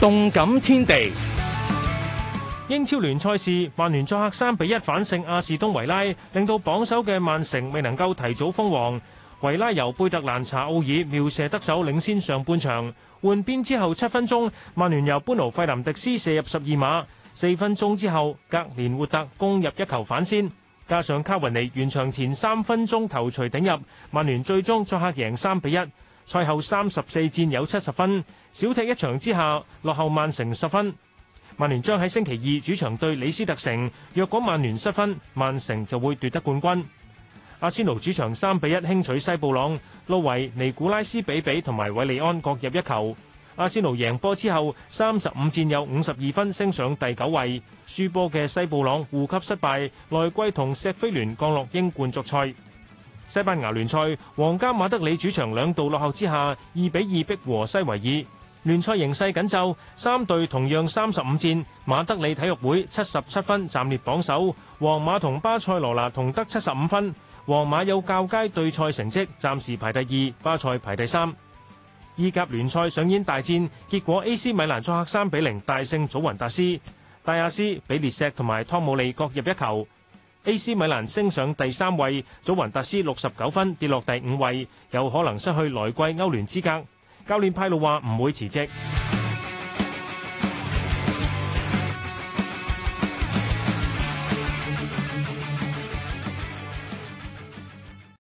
動感天地！英超聯賽事，曼聯作客三比一反勝阿士東維拉，令到榜首嘅曼城未能夠提早封王。維拉由貝特蘭查奧爾妙射得手領先上半場，換邊之後七分鐘，曼聯由班奴費林迪斯射入十二碼，四分鐘之後，格連活特攻入一球反先，加上卡雲尼完場前三分鐘頭槌頂入，曼聯最終作客贏三比一。賽後三十四戰有七十分，小踢一場之下落後曼城十分。曼聯將喺星期二主場對里斯特城，若果曼聯失分，曼城就會奪得冠軍。阿仙奴主場三比一輕取西布朗，路維、尼古拉斯比比同埋韋利安各入一球。阿仙奴贏波之後，三十五戰有五十二分，升上第九位。輸波嘅西布朗護級失敗，來季同錫菲聯降落英冠作賽。西班牙聯賽，皇家馬德里主場兩度落後之下，二比二逼和西維爾。聯賽形勢緊就三隊同樣三十五戰，馬德里體育會七十七分暫列榜首，皇馬同巴塞羅那同得七十五分，皇馬有較佳對賽成績，暫時排第二，巴塞排第三。意甲聯賽上演大戰，結果 AC 米蘭作客三比零大勝祖雲達斯，大亞斯、比列石同埋湯姆利各入一球。AC 米蘭升上第三位，祖雲達斯六十九分跌落第五位，有可能失去來季歐聯資格。教練派路話唔會辭職。